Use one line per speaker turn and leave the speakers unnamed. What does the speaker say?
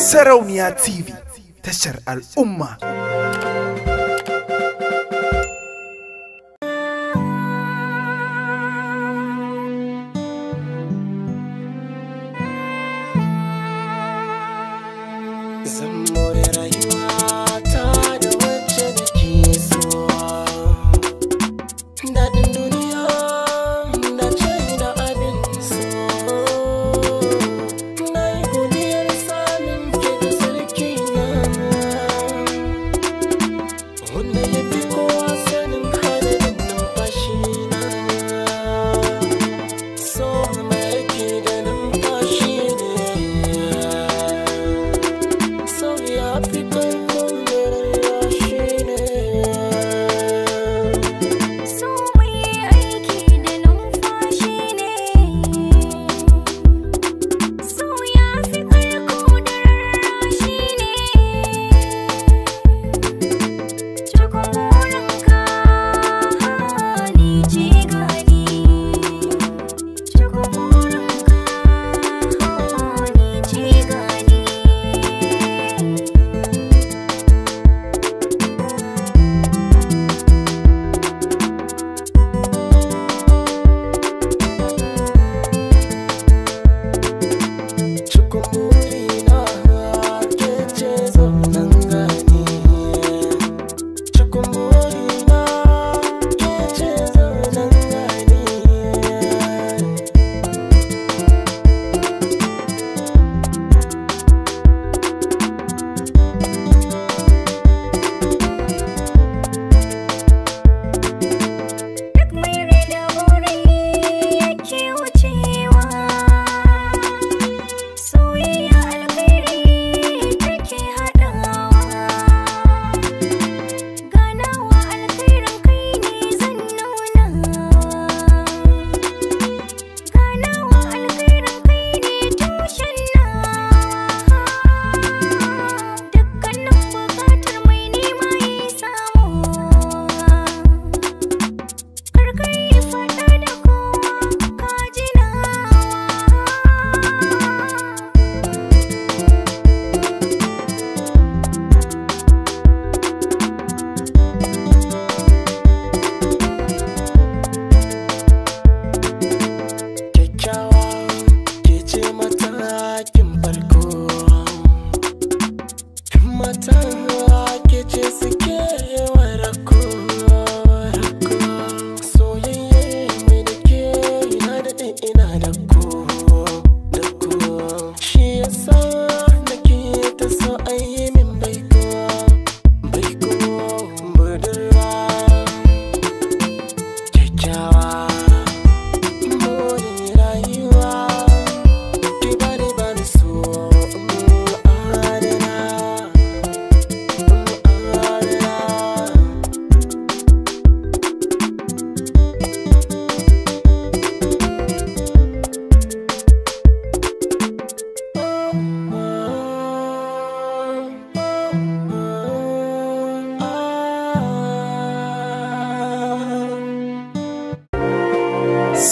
سرونيا تي في تشر الأمة زمان